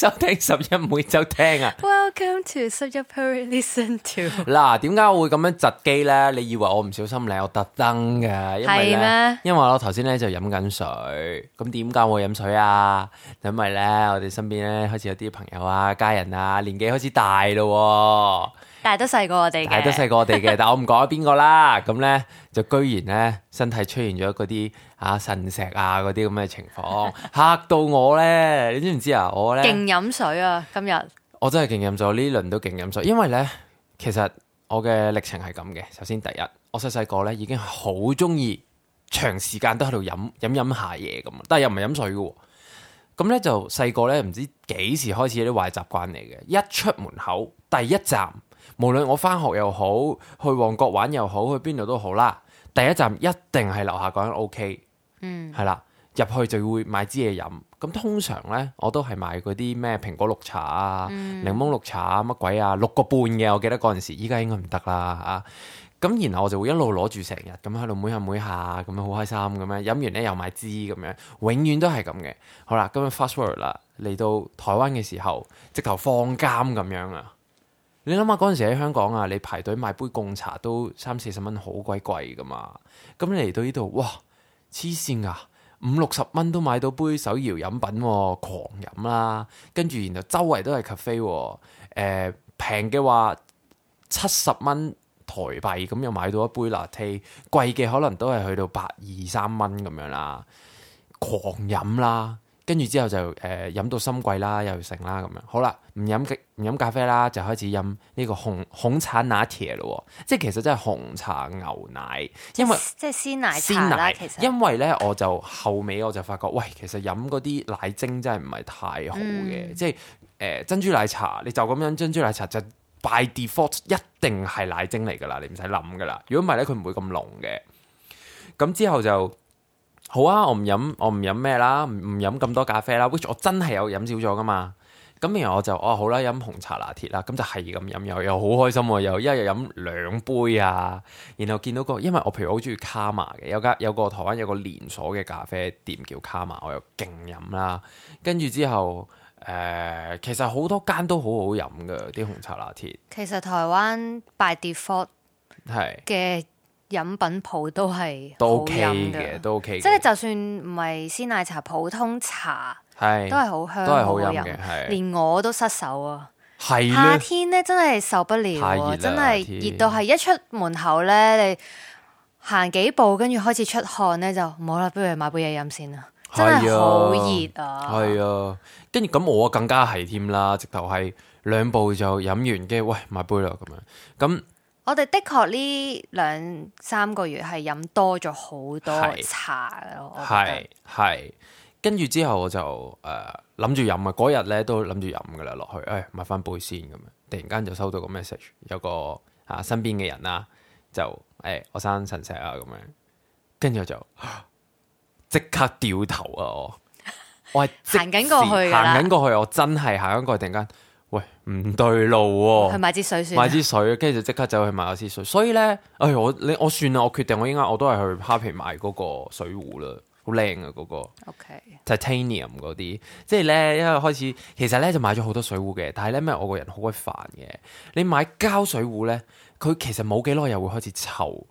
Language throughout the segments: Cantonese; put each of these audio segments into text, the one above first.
收聽十一每週聽啊！Welcome to 十一 peri listen to。嗱，點解我會咁樣窒機咧？你以為我唔小心咧？我特登嘅，因為咧，係咩？因為我頭先咧就飲緊水。咁點解我會飲水啊？因為咧，我哋身邊咧開始有啲朋友啊、家人啊，年紀開始大咯。大都細過我哋，大都細過我哋嘅。但係我唔講邊個啦。咁咧就居然咧，身體出現咗嗰啲。吓？腎、啊、石啊！嗰啲咁嘅情況吓 到我呢？你知唔知啊？我呢，勁飲水啊！今日我真係勁飲咗，呢輪都勁飲水，因為呢，其實我嘅歷程係咁嘅。首先第一，我細細個呢已經好中意長時間都喺度飲飲飲下嘢咁，但係又唔係飲水嘅。咁、嗯、呢，就細個呢唔知幾時開始有啲壞習慣嚟嘅，一出門口第一站，無論我翻學又好，去旺角玩又好，去邊度都好啦，第一站一定係樓下嗰間 O K。嗯，係啦，入去就會買支嘢飲，咁通常咧，我都係買嗰啲咩蘋果綠茶啊、檸、嗯、檬綠茶啊、乜鬼啊，六個半嘅，我記得嗰陣時，依家應該唔得啦吓。咁、啊、然後我就會一路攞住成日，咁喺度每下每下，咁樣好開心咁樣，飲完咧又買支咁樣，永遠都係咁嘅。好啦，咁樣 fast forward 啦，嚟到台灣嘅時候，直頭放監咁樣啊！你諗下嗰陣時喺香港啊，你排隊買杯貢茶都三四十蚊，好鬼貴噶嘛。咁你嚟到呢度，哇！黐線啊！五六十蚊都買到杯手搖飲品啊，狂飲啦！跟住然後周圍都係 cafe，誒平嘅話七十蚊台幣咁又買到一杯 latte，貴嘅可能都係去到百二三蚊咁樣啦，狂飲啦！跟住之後就誒飲、呃、到深悸啦，又成啦咁樣。好啦，唔飲唔飲咖啡啦，就開始飲呢個紅紅茶拿鐵咯、哦。即係其實真係紅茶牛奶，因為即係鮮奶茶鮮奶，其實因為咧，我就後尾我就發覺，喂，其實飲嗰啲奶精真係唔係太好嘅。嗯、即係誒、呃、珍珠奶茶，你就咁樣珍珠奶茶就 by default 一定係奶精嚟噶啦，你唔使諗噶啦。如果唔係咧，佢唔會咁濃嘅。咁之後就。好啊，我唔飲，我唔飲咩啦，唔唔飲咁多咖啡啦。which 我真係有飲少咗噶嘛。咁然後我就哦、啊、好啦，飲紅茶拿鐵啦。咁就係咁飲，又又好開心喎、啊。又一日飲兩杯啊。然後見到個，因為我譬如好中意卡瑪嘅，有間有個台灣有個連鎖嘅咖啡店叫卡瑪，我又勁飲啦。跟住之後誒、呃，其實多間好多間都好好飲噶啲紅茶拿鐵。其實台灣 by default 係嘅。飲品鋪都係都 OK 嘅，都 OK。即係就，就算唔係鮮奶茶，普通茶係都係好香，都係好飲嘅。係飲係連我都失手啊！係呢夏天咧，真係受不了啊，熱了，真係熱到係一出門口咧，天，你行幾步跟住開始出汗咧，就冇啦，不如買杯嘢飲先啊，真係好熱啊！係啊，跟住咁我更加係添啦，直頭係兩步就飲完嘅。喂，買杯啦咁樣咁。我哋的確呢兩三個月係飲多咗好多茶咯，係係跟住之後我就誒諗住飲啊，嗰日咧都諗住飲噶啦落去，誒買翻杯先咁樣，突然間就收到個 message，有個吓、啊、身邊嘅人啦、啊，就誒、哎、我生腎石啊咁樣，跟住我就即、啊、刻掉頭啊我， 我係行緊過去，行緊過去，我真係行緊過去，突然間。唔對路喎、哦，去買支水先。買支水，跟住就即刻走去買咗支水。所以呢，哎，我你我算啦，我決定我應該我都係去哈皮買嗰個水壺啦，好靚啊嗰、嗰個。OK，就 Titanium 嗰啲，即係呢，因為開始其實呢就買咗好多水壺嘅，但係呢，因為我個人好鬼煩嘅，你買膠水壺呢，佢其實冇幾耐又會開始臭。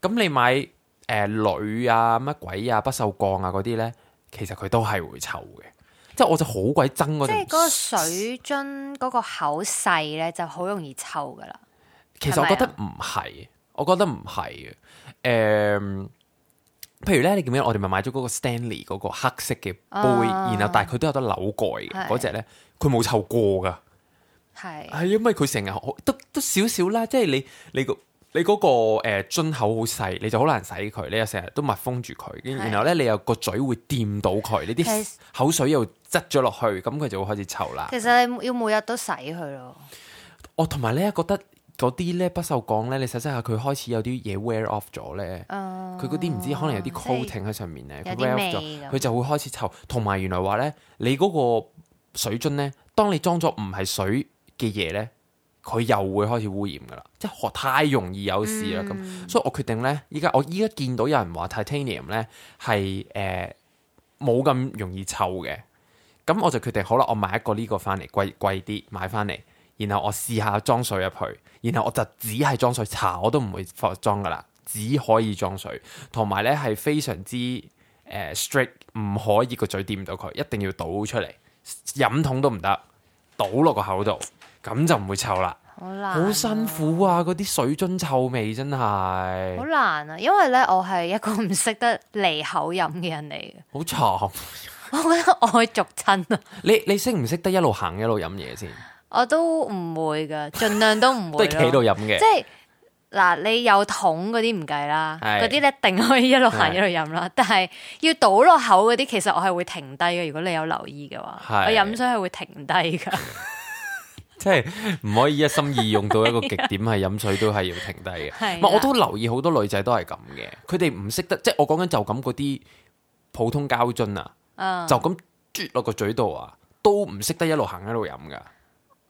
咁你買誒鋁、呃、啊、乜鬼啊、不鏽鋼啊嗰啲呢，其實佢都係會臭嘅。即係我就好鬼憎嗰種，即係嗰個水樽嗰個口細咧，就好容易臭噶啦。其實吧我覺得唔係，我覺得唔係嘅。誒、um，譬如咧，你見唔見我哋咪買咗嗰個 Stanley 嗰個黑色嘅杯，oh。然後但係佢都有得扭蓋嘅嗰隻咧，佢冇的臭過噶。係係的、哎，因為佢成日都都少少啦，即係你你個。你嗰、嗰個樽、呃、口好細，你就好難洗佢。你又成日都密封住佢，是的 然後咧你又個嘴會掂到佢，你啲口水又擠咗落去，咁佢實就會開始臭啦。其實你要每日都洗佢咯、哦。我同埋咧覺得嗰啲咧不鏽鋼咧，你洗洗下佢開始有啲嘢 wear off 咗咧。佢嗰啲唔知可能有啲 coating 喺是上面咧，有啲味，佢就會開始臭。同埋原來話咧，你嗰個水樽咧，當你裝咗唔係水嘅嘢咧。呢佢又會開始污染噶啦，即係學太容易有事啦，咁、嗯、所以我決定呢，依家我依家見到有人話 Titanium 呢係誒冇咁容易臭嘅，咁我就決定好啦，我買一個呢個返嚟，貴貴啲買返嚟，然後我試下裝水入去，然後我就只係裝水，茶我都唔會放裝噶啦，只可以裝水，同埋呢係非常之誒、呃、strict，唔可以個嘴掂到佢，一定要倒出嚟，飲桶都唔得，倒落個口度。咁就唔會臭啦，好難、啊，好辛苦啊！嗰啲水樽臭味真係好難啊！因為咧，我係一個唔識得離口飲嘅人嚟嘅，好重慘，我覺得我會濁親啊！你你識唔識得一路行一路飲嘢先？ 我都唔會噶，盡量都唔會。 都係企度飲嘅，即係嗱，你有桶嗰啲唔計啦，嗰啲是一定可以一路行一路飲啦。是但係要倒落口嗰啲，其實我係會停低嘅。如果你有留意嘅話，是我飲水係會停低噶。 即係唔可以一心二用到一個極點，係飲水都係要停低嘅。唔， 是啊、我都留意好多女仔都係咁嘅，佢哋唔識得，即係我講緊就咁嗰啲普通膠樽啊，嗯、就咁啜落個嘴度啊，都唔識得一路行一路飲噶。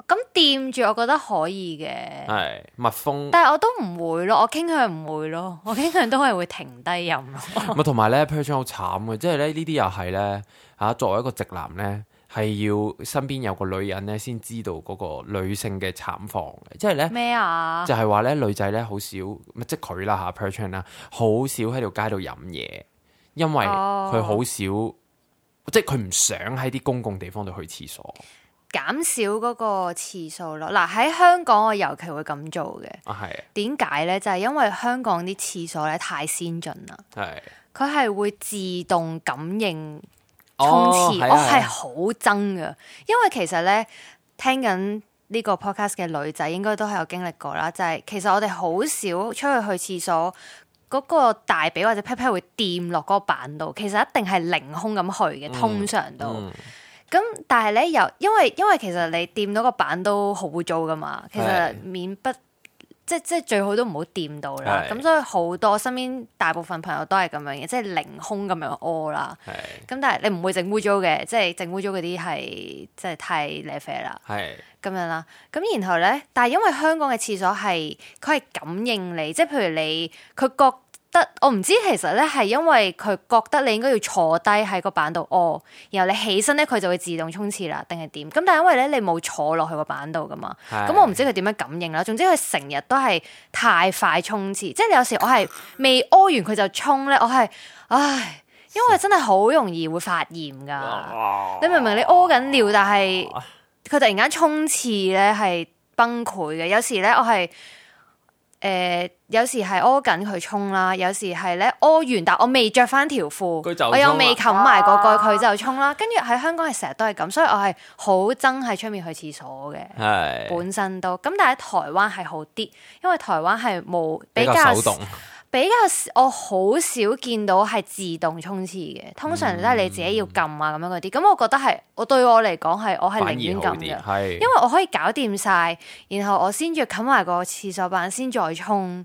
咁掂住，我覺得可以嘅。係密封，但係我都唔會咯，我傾向唔會咯，我傾向都係會停低飲咯。同埋咧，perch 好慘啊，即係咧呢啲又係咧，吓作為一個直男咧。係要身邊有個女人咧，先知道嗰個女性嘅慘況嘅，即係咧咩啊？就係話咧，女仔咧好少，即係佢啦吓 person 啦，好少喺條街度飲嘢，因為佢好少，呃、即佢唔想喺啲公共地方度去廁所，減少嗰個次數咯。嗱喺香港我尤其會咁做嘅，啊係，點解咧？就係、是、因為香港啲廁所咧太先進啦，係的，佢係會自動感應。沖廁、哦啊、我係好憎噶，因為其實咧聽緊呢個 podcast 嘅女仔應該都係有經歷過啦，就係、是、其實我哋好少出去去廁所嗰、那個大髀或者屁屁會掂落嗰個板度，其實一定係凌空咁去嘅，嗯、通常都咁、嗯，但係咧又因為因為其實你掂到個板都好污糟噶嘛，其實免是不。即即最好都唔好掂到啦，咁是的、嗯、所以好多身邊大部分朋友都係咁樣嘅，即係凌空咁樣屙啦、啊。咁是的 但係你唔會整污糟嘅，即係整污糟嗰啲係即係太瀨啡啦。係咁是的 樣啦。咁、嗯、然後咧，但係因為香港嘅廁所係佢係感應你，即係譬如你佢覺得我唔知，其實咧係因為佢覺得你應該要坐低喺個板度屙，然後你起身咧佢就會自動沖廁啦，定係點？咁但係因為咧你冇坐落去個板度噶嘛，咁是的 我唔知佢點樣感應啦。總之佢成日都係太快沖廁，即係你有時我係未屙完佢就沖咧，我係唉，因為真係好容易會發炎噶。你明唔明？你屙緊尿，但係佢突然間沖廁咧係崩潰嘅。有時咧我係。誒有時係屙緊佢沖啦，有時係咧屙完，但我未着翻條褲，啊、我又未冚埋個蓋過沖，佢就沖啦。跟住喺香港係成日都係咁，所以我係好憎喺出面去廁所嘅。係是 本身都咁，但係喺台灣係好啲，因為台灣係冇比較，比較手動比較我好少見到係自動沖廁嘅，通常都係你自己要撳啊咁樣嗰啲。咁我覺得係，我對我嚟講係，我係寧願撳嘅，是因為我可以搞掂晒。然後我先至冚埋個廁所板，先再，再沖。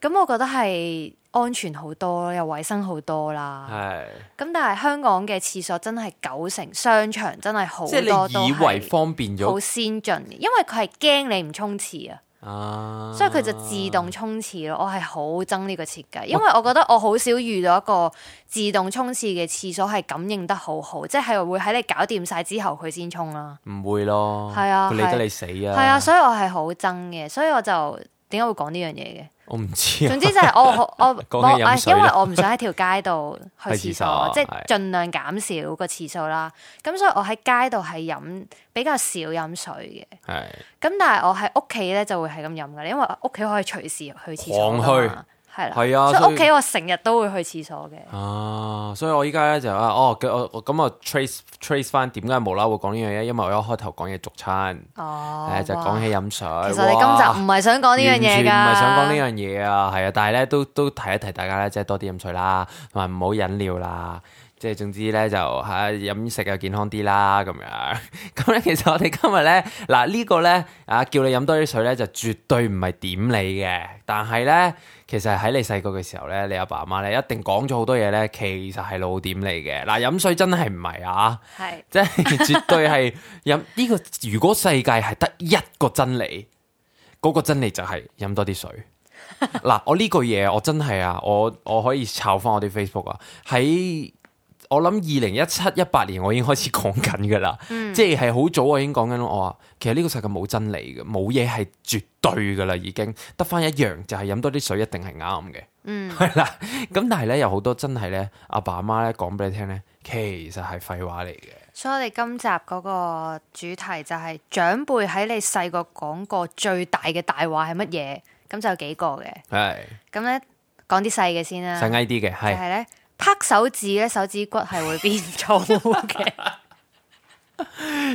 咁是我覺得係安全好多，又衞生好多啦。係是。咁但係香港嘅廁所真係九成商場真係好多以為方便咗，好先進，因為佢係驚你唔沖廁啊。Ah, 所以佢就自動沖廁咯，我係好憎呢個設計，因為我覺得我好少遇到一個自動沖廁嘅廁所係感應得好好，即係會喺你搞掂晒之後佢先沖啦。唔會咯，係啊，佢理得你死啊，係啊，所以我係好憎嘅，所以我就點解會講呢樣嘢嘅。我唔知啊。總之就係我我我，我，我， 我，因為我唔想喺條街度去廁所，即係盡量減少個次數啦。咁是的 所以我喺街度係飲比較少飲水嘅。係。咁但係我喺屋企咧就會係咁飲噶，因為屋企可以隨時去廁所啊嘛係啦，啊、所以屋企我成日都會去廁所嘅以。啊，所以我依家咧就啊，哦，咁我 trace trace 翻點解無啦會講呢樣嘢？因為我一開頭講嘢續餐，哦、啊，係就講起飲水。其實你今集唔係想講呢樣嘢噶，唔係想講呢樣嘢啊，係啊，但係咧都都提一提大家咧，即係多啲飲水啦，同埋唔好飲料啦，即係總之咧就吓飲、啊、食又健康啲啦，咁樣。咁咧，其實我哋今日咧嗱呢、呢個咧啊叫你飲多啲水咧，就絕對唔係點你嘅，但係咧。其實喺你細個嘅時候咧，你阿爸阿媽咧一定講咗好多嘢咧，其實係老點嚟嘅。嗱、呃，飲水真係唔係啊，係是，即係絕對係飲呢個。如果世界係得一個真理，嗰、那個真理就係飲多啲水。嗱、 呃，我呢句嘢我真係啊，我我可以抄翻我啲 Facebook 啊，喺。我諗二零一七一八年，我已經開始講緊噶啦，嗯、即係係好早，我已經講緊我話其實呢個世界冇真理嘅，冇嘢係絕對噶啦，已經得翻一樣就係、是、飲多啲水一定係啱嘅，係啦、嗯。咁 但係咧，有好多真係咧，阿爸阿媽咧講俾你聽咧，其實係廢話嚟嘅。所以我哋今集嗰個主題就係、是、長輩喺你細個講過最大嘅大話係乜嘢？咁就有幾個嘅，係咁咧，講啲細嘅先啦，細啲嘅係係咧。拍手指咧，手指骨係會變粗嘅。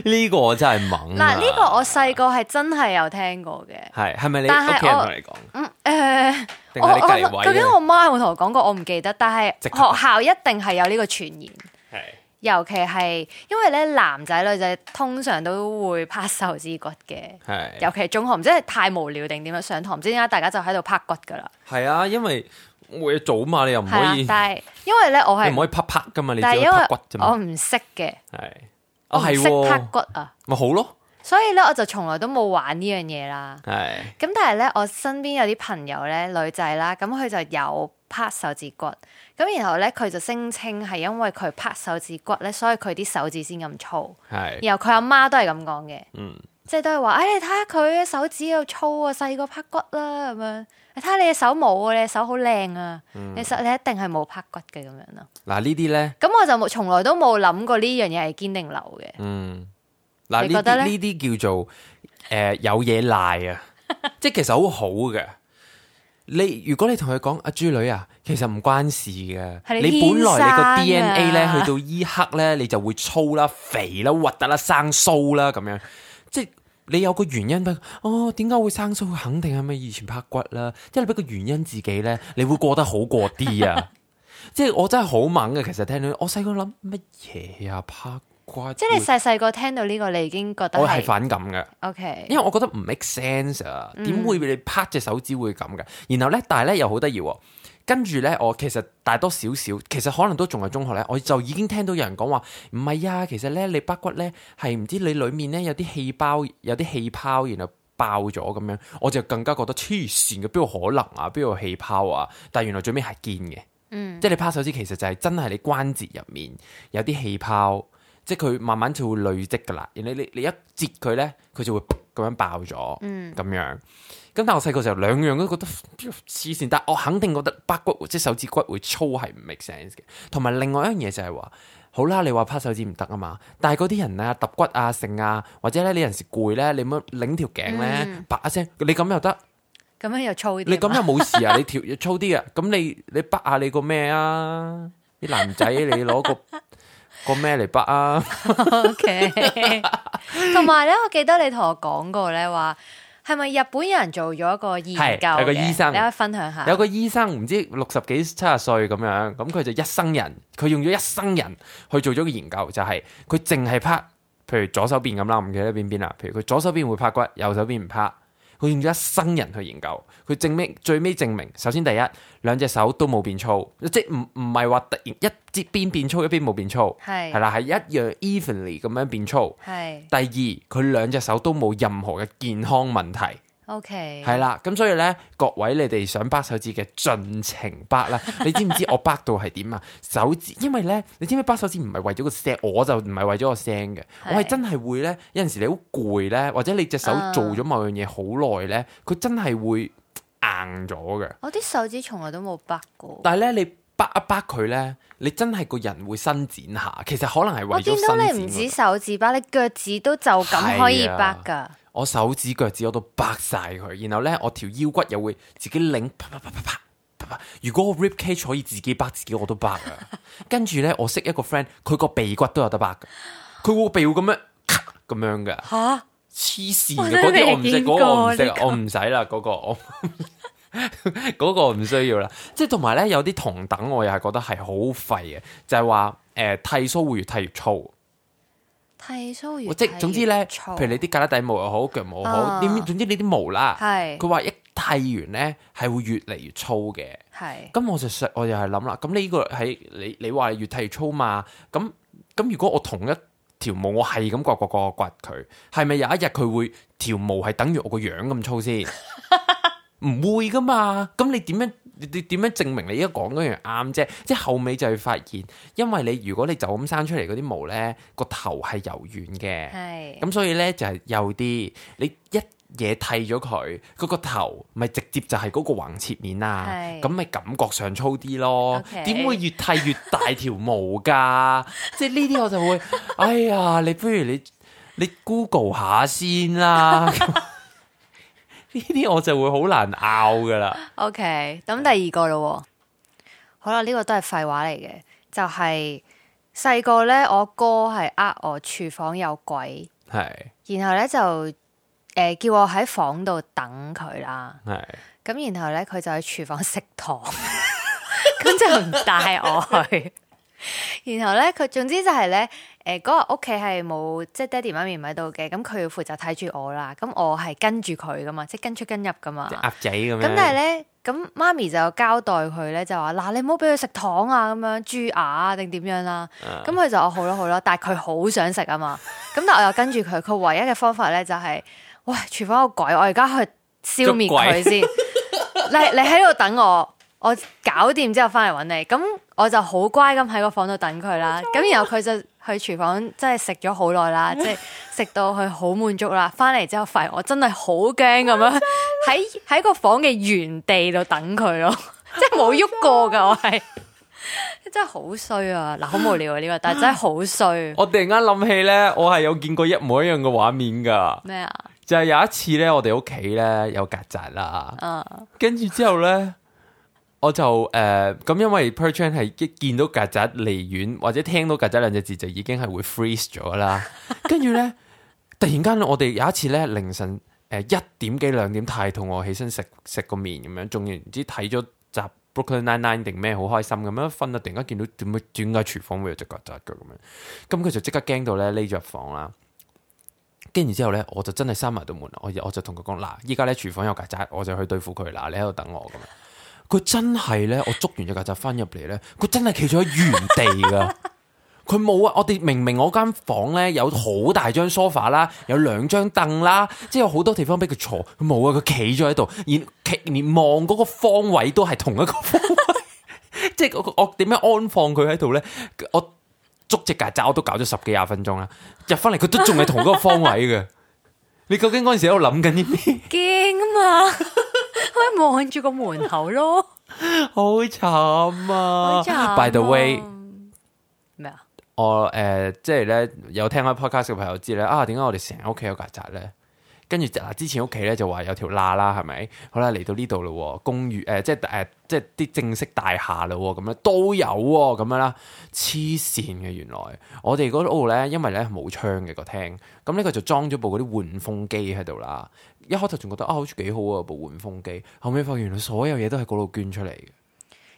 呢個我真係懵。嗱，呢個我細個係真係有聽過嘅。係係咪你，你？但係屋企人同你講。誒，我究竟我媽有冇同我講過？我唔記得。但係學校一定係有呢個傳言。係。尤其係因為咧，男仔女仔通常都會拍手指骨嘅。係是。尤其係中學唔知係太無聊定點樣上堂，唔知點解大家就喺度拍骨噶啦。係啊，因為。冇嘢做啊嘛，你又唔可以？啊、但係因為咧，我係唔可以拍拍噶嘛，因為你隻手拍骨啫嘛。我唔識嘅，係，哦、我係識拍骨啊，咪好咯。所以咧，我就從來都冇玩呢樣嘢啦。係的，咁但係咧，我身邊有啲朋友咧，女仔啦，咁佢就有拍手指骨，咁然後咧，佢就聲稱係因為佢拍手指骨咧，所以佢啲手指先咁粗。係的，然後佢阿媽,媽都係咁講嘅，嗯，即係都係話，哎，你睇下佢手指又粗啊，細個拍骨啦，咁樣。睇下你隻手冇嘅，隻手好靚啊！你手，嗯、你一定係冇拍骨嘅咁樣咯。嗱呢啲咧，咁我就冇從來都冇諗過呢樣嘢，係堅定流嘅。嗯，嗱呢啲呢啲叫做誒、呃、有嘢賴啊！ 即係其實好好嘅。你如果你同佢講阿豬女啊，其實唔關事嘅。 你本來你個 DNA 咧， 去到依刻咧，你就會粗啦，啊、肥啦，啊、核突啦，生鬚啦咁樣。你有個原因哦，點解會生疏？肯定係咪以前拍骨啦？即係你俾個原因自己咧，你會過得好過啲啊！ 即係我真係好猛嘅，其實聽到我細個諗乜嘢啊？拍骨，即係你細細個聽到呢、這個，你已經覺得我係反感嘅。OK，因為我覺得唔 make sense 啊，點會俾你拍隻手指會咁嘅？嗯、然後咧，但係咧又好得意喎。跟住咧，我其實大多少少，其實可能都仲係中學咧，我就已經聽到有人講話，唔係啊，其實咧你啪骨咧係唔知你裡面咧有啲氣包，有啲氣泡，泡，然後爆咗咁樣，我就更加覺得黐線嘅，邊個、嗯、可能啊？邊個氣泡啊？但原來最尾係堅嘅，嗯，即係你啪手指，其實就係真係你關節入面有啲氣泡，即係佢慢慢就會累積噶啦，然後你你你一折佢咧，佢就會。咁樣爆咗，咁樣，咁但係我細個時候兩樣都覺得黐線，但係我肯定覺得骨骨即係手指骨會粗係唔 make sense 嘅。同埋另外一樣嘢就係話，好啦，你話拍手指唔得啊嘛，但係嗰啲人啊揼骨啊剩啊，或者咧你有時攰咧，你冇擰條頸咧，啪一聲，你咁又得，咁樣又粗啲，你咁又冇事啊？你條又粗啲啊？咁你你拔下你個咩啊？啲男仔你攞個。個咩嚟不啊？OK，同埋咧，我記得你同我講過咧，話係咪日本人做咗一個研究？係有個醫生，大家分享下。有個醫生唔知六十幾、七十歲咁樣，咁佢就一生人，佢用咗一生人去做咗個研究，就係佢淨係拍，譬如左手邊咁啦，我唔記得邊邊啦。譬如佢左手邊會拍骨，右手邊唔拍。佢用咗一生人去研究，佢證明，最尾證明，首先第一，兩隻手都冇變粗，即係唔唔係話突然一節邊變粗，一邊冇變粗，係啦是，係一樣 evenly 咁樣變粗。是第二，佢兩隻手都冇任何嘅健康問題。O K，係啦，咁 Okay. 所以咧，各位你哋想掰手指嘅盡情掰啦！你知唔知我掰到係點啊？ 手指，因為咧，你知唔知掰手指唔係為咗個聲，我就唔係為咗個聲嘅，是我係真係會咧，有陣時你好攰咧，或者你隻手做咗某樣嘢好耐咧，佢、uh, 真係會硬咗嘅。我啲手指從來都冇掰過。但係咧，你掰一掰佢咧，你真係個人會伸展下，其實可能係為咗伸展。我見到你唔止手指掰，你腳趾都就咁可以掰噶。我手指、腳趾我都掰晒佢，然後咧，我條腰骨又會自己擰，啪啪啪啪啪啪。如果我 rib cage 可以自己掰自己，我都掰啊！跟住咧，我識一個 friend，佢個鼻骨都有得掰嘅，佢個鼻會咁樣咁樣嘅嚇，黐線嗰啲我唔識，我唔識，我唔使啦，嗰個我嗰個唔需要啦。即係同埋咧，有啲同等，我又係覺得係好廢嘅，就係話誒，剃鬚會越，越，越剃越粗。剃粗完，即係總之咧，越越譬如你啲胳肋底毛又好，腳毛又好，點、啊、總之你啲毛啦。係佢話一剃完咧，係會越嚟越粗嘅。係咁是我就我又係諗啦，咁你呢個喺你你話越剃越粗嘛？咁咁如果我同一條毛，我係咁刮刮刮刮佢，係咪有一日佢會條毛係等於我個樣咁粗先？唔 會噶嘛？咁你點樣？你你點樣證明你而家講嗰樣啱啫？即後尾就會發現，因為你如果你就咁生出嚟嗰啲毛呢，個頭係柔軟嘅，咁是所以呢，就係幼啲。你一嘢剃咗佢，嗰個頭咪直接就係嗰個橫切面啊，咁咪是感覺上粗啲咯。點 Okay 會越剃越大條毛㗎？ 即呢啲我就會，哎呀，你不如你你 Google 下先啦。 呢啲我就會好難拗噶啦。OK，咁第二個咯、哦，好啦，呢、這個都係廢話嚟嘅，就係細個咧，我哥係呃我廚房有鬼，係是，然後咧就誒、呃、叫我喺房度等佢啦，係是，咁然後咧佢就喺廚房食糖，咁 就唔帶我去，然後咧佢總之就係咧。誒，嗰日屋企係冇即係爹哋媽咪唔喺度嘅，咁佢要負責睇住我啦，咁我係跟住佢噶嘛，即係跟,跟出跟入噶嘛。鴨仔咁樣。咁但係咧，咁媽咪就交代佢咧，就話嗱你唔好俾佢食糖啊，咁、啊、樣蛀牙啊定點樣啦。咁佢、啊、就好咯好咯，但係佢好想食啊嘛。咁但係我又跟住佢，佢唯一嘅方法咧就係、是，喂，廚房有鬼，我而家去消滅佢先。你你喺度等我，我搞掂之後翻嚟搵你。咁我就好乖咁喺個房度等佢啦。咁然後佢就。去廚房真係食咗好耐啦，即係食到佢好滿足啦。翻嚟之後發現，我真係好驚咁樣，喺喺個房嘅原地度等佢咯，即係冇喐過噶。我係真係好衰啊！嗱，好無聊啊呢個，但係真係好衰。我突然間諗起咧，我係有見過一模一樣嘅畫面噶。咩啊？就係有一次咧，我哋屋企咧有曱甴啦。嗯，跟住之後咧。 我就誒咁、呃，因為 Perchance 係一見到曱甴離遠，或者聽到曱甴兩隻字就已經係會 freeze 咗啦。跟住咧，突然間我哋有一次咧凌晨誒、呃、一點幾兩點太痛，我起身食食個麵咁樣，仲唔知睇咗集 Brooklyn Nine Nine 定咩，好開心咁樣，瞓到突然間見到點解點解廚房會有隻曱甴腳咁樣，咁佢就即刻驚到咧匿咗房啦。跟住之後咧，我就真係閂埋道門，我我就同佢講嗱，依家咧廚房有曱甴，我就去對付佢，嗱你喺度等我咁樣。佢真係咧，我捉完隻曱甴翻入嚟咧，佢真係企咗喺原地噶，佢冇啊！我哋明明我間房咧有好大張 sofa 啦，有兩張凳啦，即係有好多地方俾佢坐，佢冇啊！佢企咗喺度，連連望嗰個方位蟁蟁都係同一個方位，即係我我點樣安放佢喺度咧？我捉隻曱甴我都搞咗十幾廿分鐘啦，入翻嚟佢都仲係同嗰個方位嘅。你究竟嗰陣時喺度諗緊啲咩？驚啊嘛！佢望住個門口咯，好慘 啊，啊， 啊！By the way，咩啊麼？我誒，uh, 即係咧有聽開 podcast 嘅朋友知咧啊，點解我哋成日屋企有曱甴咧？跟住之前屋企咧就話有條罅啦，係咪？好啦，嚟到呢度咯，公寓誒、呃，即係誒、呃，即係啲、呃、正式大廈咯，咁樣都有咁、哦、樣啦，黐線嘅。原來我哋嗰度咧，因為咧冇窗嘅個廳，咁呢個就裝咗部嗰啲換風機喺度啦。一開頭仲覺得啊，好似幾好啊，部換風機。後尾發現，原來所有嘢都係嗰度捐出嚟嘅。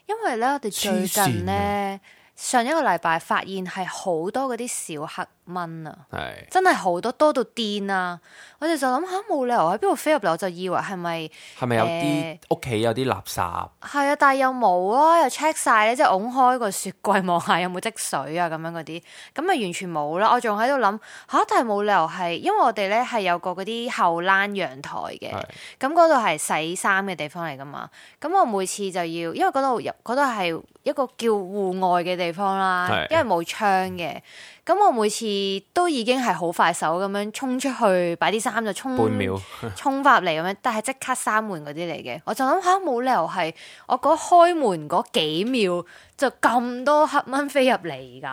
因為咧，我哋最近咧，上一個禮拜發現係好多嗰啲小黑。蚊啊， 真係好多，多到癲啊！我哋就諗下，冇、啊、理由喺邊度飛入嚟，我就以為係咪係咪有啲屋企有啲垃圾？係啊，啊，啊，啊，但係又冇咯，又 check 晒咧，即係拱開個雪櫃望下有冇積水啊，咁樣嗰啲，咁啊完全冇啦。我仲喺度諗吓，但係冇理由係，因為我哋咧係有個嗰啲後欄陽台嘅，咁嗰度係洗衫嘅地方嚟噶嘛。咁我每次就要，因為嗰度入嗰度係一個叫戶外嘅地方啦，因為冇窗嘅。 咁我每次都已經係好快手咁樣衝出去擺啲衫就衝半秒 衝翻嚟咁樣，但係即刻閂門嗰啲嚟嘅。我就諗下，冇理由係我嗰開門嗰幾秒就咁多黑蚊飛入嚟噶，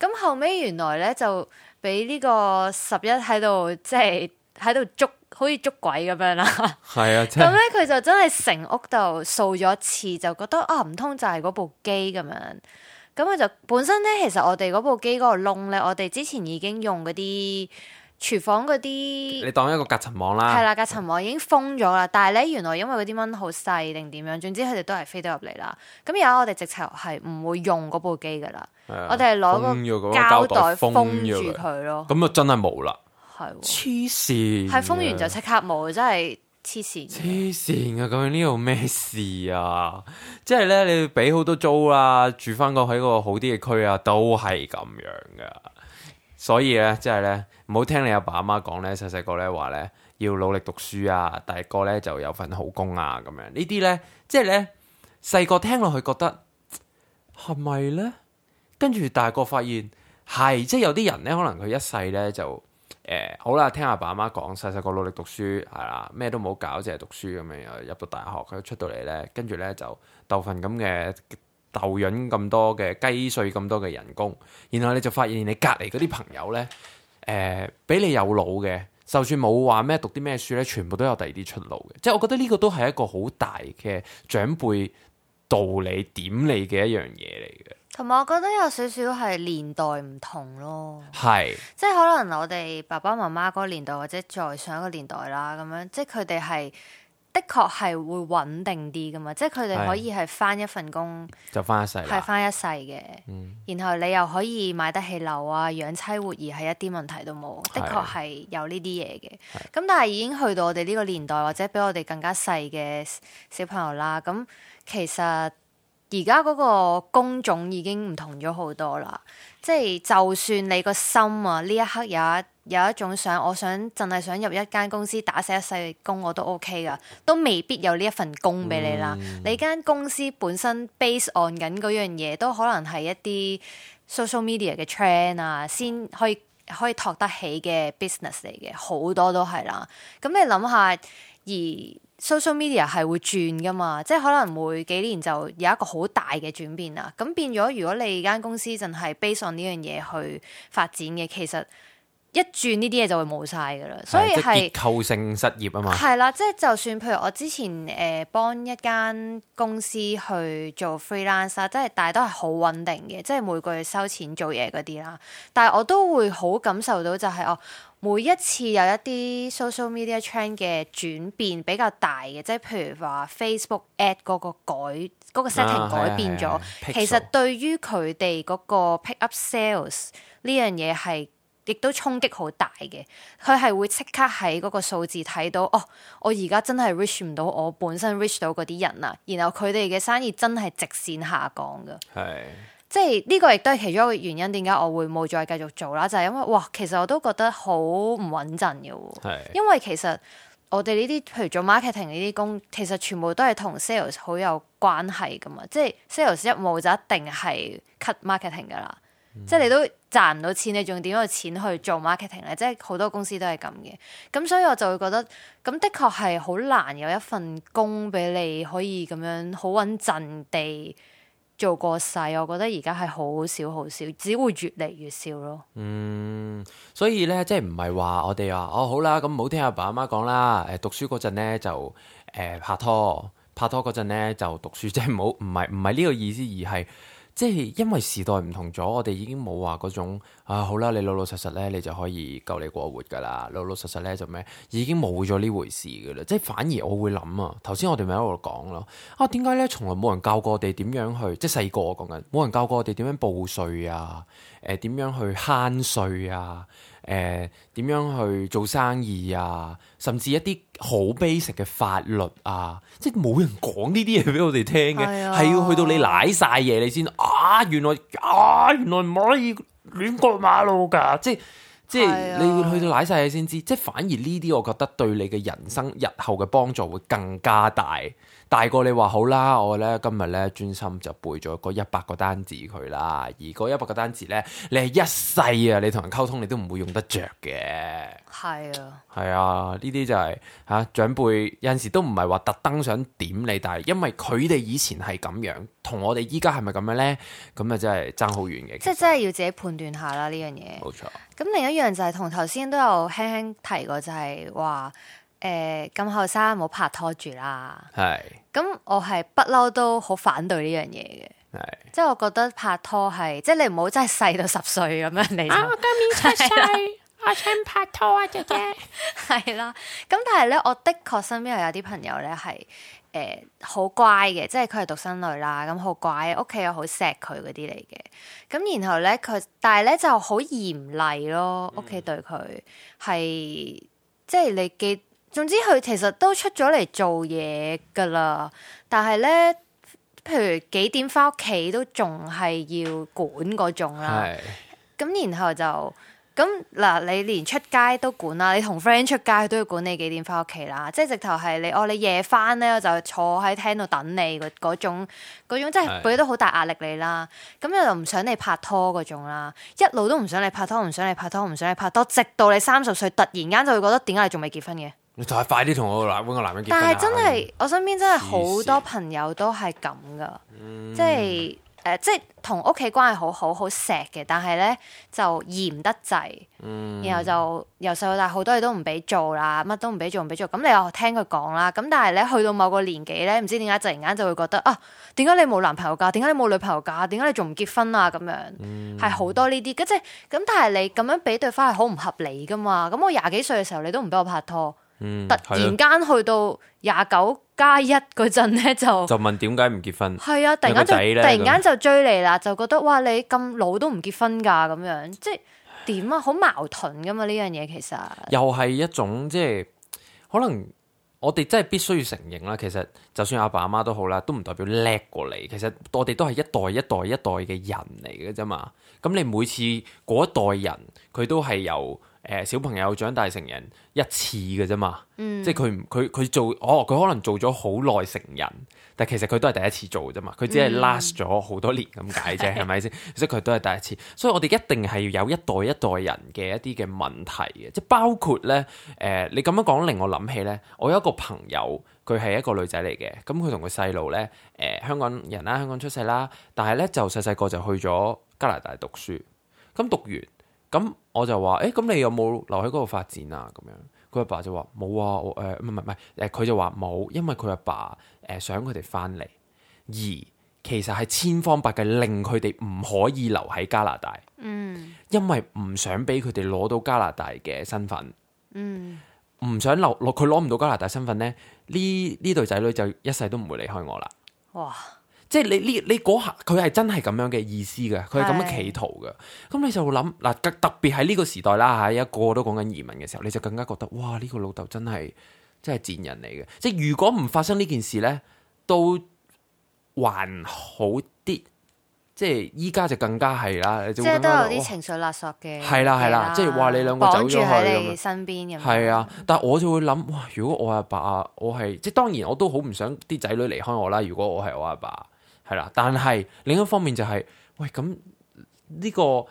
冇咁。後尾原來咧就俾呢個十一喺度即係喺度捉，好似捉鬼咁樣啦。係 啊，咁咧佢就真係成屋度掃咗一次，就覺得啊唔通就係嗰部機咁樣。咁佢就本身咧，其實我哋嗰部機嗰個窿咧，我哋之前已經用嗰啲廚房嗰啲，你當一個隔塵網啦。係啦，隔塵網已經封咗啦。但係咧，原來因為嗰啲蚊好細定點樣，總之佢哋都係飛得入嚟啦。咁而家我哋直情係唔會用嗰部機㗎啦。我哋係攞個膠袋封住佢咯。咁啊，真係冇啦。係黐線。係封完就即刻冇，真係。黐線，黐線噶。咁樣呢度咩事啊？即係呢，你俾好多租啦，住翻個喺個好啲嘅區啊，都係咁樣噶。所以呢，即係呢，唔好聽你阿爸阿媽講呢，細細個呢話呢，要努力讀書啊，大個呢就有份好工啊，咁樣呢啲呢，即係呢，細個聽落去覺得係咪呢？跟住大個發現係，即係有啲人呢，可能佢一世呢就。誒、嗯，好啦，聽阿爸阿媽講，細細個努力讀書，係啦，咩都冇搞，淨係讀書咁樣，又入到大學佢出到嚟咧，跟住咧就斗份咁嘅，斗引咁多嘅，雞碎咁多嘅人工，然後你就發現你隔籬嗰啲朋友咧，誒、呃，比你有腦嘅，就算冇話咩讀啲咩書咧，全部都有第二啲出路嘅，即係我覺得呢個都係一個好大嘅長輩道理點你嘅一樣嘢嚟嘅。同埋，我覺得有少少係年代唔同咯，是即係可能我哋爸爸媽媽嗰個年代或者在上一個年代啦，咁樣即係佢哋係的確係會穩定啲㗎嘛，是即係佢哋可以係返一份工就返一世，係返一世嘅。嗯、然後你又可以買得起樓啊，養妻活兒係一啲問題都冇，的確係有呢啲嘢嘅。咁是、嗯、但係已經去到我哋呢個年代，或者比我哋更加細嘅小朋友啦，咁、嗯、其實。而家嗰個工種已經唔同咗好多啦，即係就算你個心啊，呢一刻有一有一種想，我想淨係想入一間公司打死一世工我都 OK 噶，都未必有呢一份工俾你啦。嗯、你間公司本身 base on 緊嗰樣嘢，都可能係一啲 social media 嘅 trend 啊，先可以可以托得起嘅 business 嚟嘅，好多都係啦。咁你諗下而。Social media 係會轉噶嘛，即係可能每幾年就有一個好大嘅轉變啦。咁變咗，如果你間公司淨係 base on 呢樣嘢去發展嘅，其實一轉呢啲嘢就會冇晒噶啦。對所以係結構性失業啊嘛。係啦，即係就算譬如我之前誒、呃、幫一間公司去做 freelancer，即係但係都係好穩定嘅，即係每個月收錢做嘢嗰啲啦。但係我都會好感受到就係、是、哦。每一次有一啲 social media trend 嘅轉變比較大嘅，即係譬如話 Facebook ad 嗰個改嗰個 setting 改變咗，啊啊啊、其實對於佢哋嗰個 pick up sales 呢樣嘢係亦都衝擊好大嘅。佢係會即刻喺嗰個數字睇到，哦，我而家真係 reach 唔到我本身 reach 到嗰啲人啊，然後佢哋嘅生意真係直線下降嘅。係。即係呢個亦都係其中一個原因，點解我會冇再繼續做啦？就係、是、因為哇，其實我都覺得好唔穩陣嘅喎。是因為其實我哋呢啲，譬如做 marketing 呢啲工，其實全部都係同 sales 好有關係噶嘛。即係 sales 一冇就一定係 cut marketing 噶啦。嗯、即係你都賺唔到錢，你仲點用錢去做 marketing 咧？即係好多公司都係咁嘅。咁所以我就會覺得，咁的確係好難有一份工俾你可以咁樣好穩陣地。做過世，我覺得而家係好少好少，只會越嚟越少咯。嗯，所以咧，即係唔係話我哋話哦好啦，咁唔好聽阿爸阿媽講啦。誒，讀書嗰陣咧就誒、呃、拍拖，拍拖嗰陣咧就讀書，即係唔好唔係唔係呢個意思，而係。即係因為時代唔同咗，我哋已經冇話嗰種啊好啦，你老老實實咧，你就可以夠你過活噶啦，老老實實咧就咩，已經冇咗呢回事噶啦。即係反而我會諗啊，頭先我哋咪喺度講咯啊，點解咧從來冇人教過我哋點樣去？即係細個我講緊，冇人教過我哋點樣報稅啊？誒、呃、點樣去慳稅啊？誒，呃、點樣去做生意啊？甚至一啲好 basic 嘅法律啊，即係冇人講呢啲嘢俾我哋聽嘅，係是、啊、要去到你舐曬嘢你先啊！原來啊，原來唔可以亂過馬路噶，即係即係是、啊、你去到舐曬嘢先知，即係反而呢啲我覺得對你嘅人生日後嘅幫助會更加大。大個你話好啦，我呢今日呢專心就背咗嗰一百個單字佢啦，而嗰一百個單字呢，你係一世啊，你同人溝通你都唔會用得着嘅。係啊，係啊，呢啲就係吓長輩有陣時都唔係話特登想點你，但係因為佢哋以前係咁樣，同我哋依家係咪咁樣呢？咁啊真係爭好遠嘅。即係真係要自己判斷下啦呢樣嘢。冇錯。咁另一樣就係同頭先都有輕輕提過，就係話。誒，咁後生冇拍拖住啦。係，咁我係不嬲都好反對呢樣嘢嘅。係，即係我覺得拍拖係，即係你唔好真係細到十歲咁樣嚟。啊，我今年七歲，我想拍拖啊，姐姐。係啦，咁但係咧，我的確身邊又有啲朋友咧係，誒，好乖嘅，即係佢係獨生女啦，咁好乖，屋企又好錫佢嗰啲嚟嘅。咁然後咧，佢，但係咧就好嚴厲咯，屋企對佢係，即係你記。總之佢其實都出咗嚟做嘢噶啦，但係咧，譬如幾點翻屋企都仲係要管嗰種啦。咁是的 然後就咁嗱，你連出街都管啦，你同 friend 出街都要管你幾點翻屋企啦。即係直頭係你，哦，你夜翻咧，我就坐喺廳度等你嗰嗰種嗰種，即係俾都好大壓力你啦。咁又唔想你拍拖嗰種啦，一路都唔想你拍拖，唔想你拍拖，唔想你拍拖，直到你三十歲突然間就會覺得點解你仲未結婚嘅？就係快啲同我個男揾個男人結婚。但係真係，我身邊真係好多朋友都係咁噶，即係誒，即係同屋企關係好好，好錫嘅，但係咧就嚴得滯，嗯、然後就由細到大好多嘢都唔俾做啦，乜都唔俾做，唔俾做。咁你又聽佢講啦，咁但係咧去到某個年紀咧，唔知點解突然間就會覺得啊，點解你冇男朋友㗎？點解你冇女朋友㗎？點解你仲唔結婚啊？咁樣係好、嗯、多呢啲，咁即係咁，但係你咁樣俾對方係好唔合理噶嘛？咁我廿幾歲嘅時候，你都唔俾我拍拖。嗯，突然間去到廿九加一嗰陣咧，就就問點解唔結婚？係啊，突然間就突然間就追你啦，就覺得哇，你咁老都唔結婚噶咁樣，即係點啊？好矛盾噶嘛。呢樣嘢，其實又係一種即係可能我哋真係必須要承認啦。其實就算阿爸阿媽都好啦，都唔代表叻過你。其實我哋都係一代一代一代嘅人嚟嘅啫嘛。咁你每次嗰一代人，佢都係由。誒、呃、小朋友長大成人一次嘅啫嘛，嗯、即係佢佢佢做哦，佢可能做咗好耐成人，但其實佢都係第一次做嘅啫嘛，佢只係 last 咗好多年咁解啫，係咪先？吧 即實係佢都係第一次，所以我哋一定係要有一代一代人嘅一啲嘅問題嘅，即係包括咧誒、呃，你咁樣講令我諗起咧，我有一個朋友，佢係一個女仔嚟嘅，咁佢同佢細路咧誒，香港人啦，香港出世啦，但係咧就細細個就去咗加拿大讀書，咁讀完。咁我就話，誒，咁你有冇留喺嗰度發展啊？咁樣，佢阿爸就話冇啊，我誒，唔係唔係，誒，佢就話冇，因為佢阿爸誒想佢哋翻嚟，而其實係千方百計令佢哋唔可以留喺加拿大，嗯，因為唔想俾佢哋攞到加拿大嘅身份，嗯，唔想留，佢攞唔到加拿大身份咧，呢呢對仔女就一世都唔會離開我啦，哇！即係你呢？你嗰下佢係真係咁樣嘅意思嘅，佢係咁樣企圖嘅。咁你就會諗嗱，特特別喺呢個時代啦吓，一個個都講緊移民嘅時候，你就更加覺得哇！呢個老豆真係真係賤人嚟嘅。即係如果唔發生呢件事咧，都還好啲。即係依家就更加係啦，啊，即係都有啲情緒勒索嘅。係啦係啦，即係話你兩個走咗喺你身邊咁。係啊，但係我就會諗哇，如果我阿爸啊，我係即係當然我都好唔想啲仔女離開我啦。如果我係我阿爸。係啦，但係另一方面就係喂，咁呢個誒，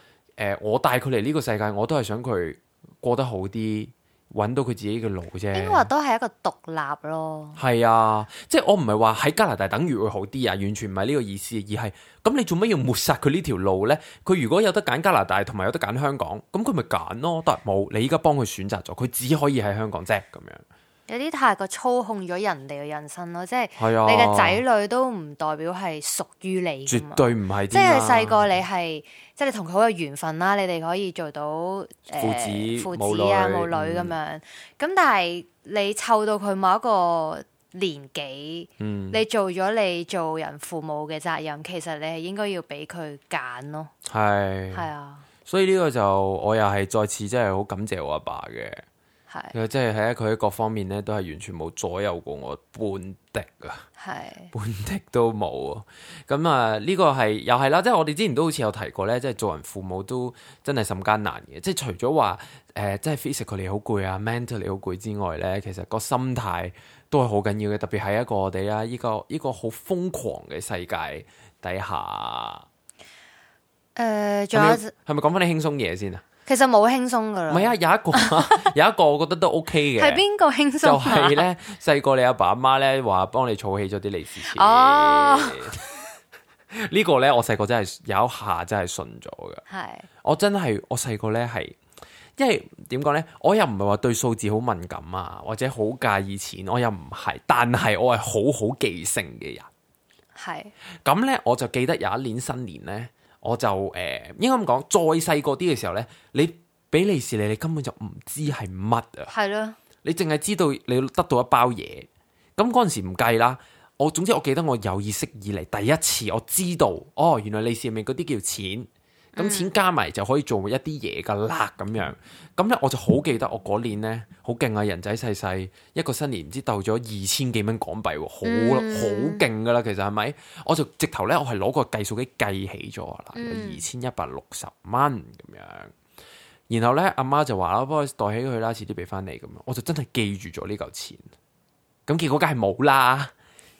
我帶佢嚟呢個世界，我都係想佢過得好啲，揾到佢自己嘅路啫。應該話都係一個獨立咯。係啊，即係我唔係話喺加拿大等於會好啲啊，完全唔係呢個意思，而係咁，你做咩要抹殺佢呢條路呢？佢如果有得揀加拿大同埋有得揀香港，咁佢咪揀咯？但係冇，你依家幫佢選擇咗，佢只可以喺香港啫，咁樣。有啲太過操控咗人哋嘅人生咯，即係你嘅仔女都唔代表係屬於你，絕對唔係。即係佢細個，你係即係你同佢好有緣分啦，你哋可以做到、呃、父子父子啊母女咁樣。咁、嗯、但係你湊到佢某一個年紀，嗯、你做咗你做人父母嘅責任，其實你係應該要俾佢揀咯。係，係啊，所以呢個就我又係再次真係好感謝我阿爸嘅。係，是即係喺佢各方面咧，都係完全冇左右過我半滴啊，是半滴都冇。啊。咁、呃、啊，呢、這個係又係啦，即係我哋之前都好似有提過咧，即係做人父母都真係甚艱難嘅。即係除咗話誒，即係 physically 佢哋好攰啊，mentally 好攰之外咧，其實個心態都係好緊要嘅。特別係一個我哋啊、這個，依、這個依個好瘋狂嘅世界底下。誒、呃，仲有係咪講翻啲輕鬆嘢先啊？是其實冇輕鬆噶啦，唔係啊，有一個，有一個，我覺得都 OK 嘅。係邊個輕鬆啊？就係咧，細個你阿爸阿媽咧話幫你儲起咗啲利是錢。哦， 個呢個咧，我細個真係有一下真係信咗噶。係是，我真係我細個咧係，因為點講咧，我又唔係話對數字好敏感啊，或者好介意錢，我又唔係，但係我係好好記性嘅人。係是。咁咧，我就記得有一年新年咧。我就誒、呃、應該咁講，再細個啲嘅時候咧，你俾利是，你，你根本就唔知係乜啊。係咯的，你淨係知道你得到一包嘢。咁嗰陣時唔計啦。我總之我記得我有意識以嚟第一次我知道哦，原來利是入面嗰啲叫錢。咁、嗯、錢加埋就可以做一啲嘢噶啦，咁樣咁咧，我就好記得我嗰年咧好勁啊，人仔細細一個新年唔知鬥咗二千幾蚊港幣，好好勁噶啦，其實係咪？我就直頭咧，我係攞個計數機計起咗啊，有二千一百六十蚊咁樣，然後咧阿媽就話啦，幫我袋起佢啦，遲啲俾翻你咁樣，我就真係記住咗呢嚿錢，咁結果梗係冇啦。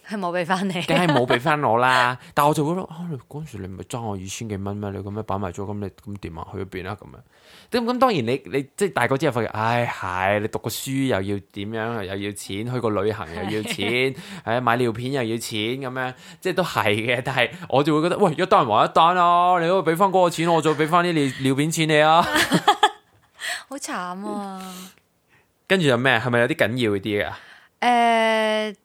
係冇俾翻你，定係冇俾翻我啦？ 但係我就會諗，嗰、啊、時你唔係爭我二千幾蚊咩？你咁樣擺埋咗，咁你咁點啊？去咗邊啊？咁樣咁咁，當然你你即係、就是、大個之後發覺，唉，係你讀個書又要點樣，又要錢，去個旅行又要錢，唉的，買尿片又要錢咁樣，即係都係嘅。但係我就會覺得，喂，一單還一單啊！你都俾翻個錢我，我再俾翻啲尿片錢你啊！好 慘 啊！ 跟住就咩？係咪有啲緊要啲噶？誒、欸。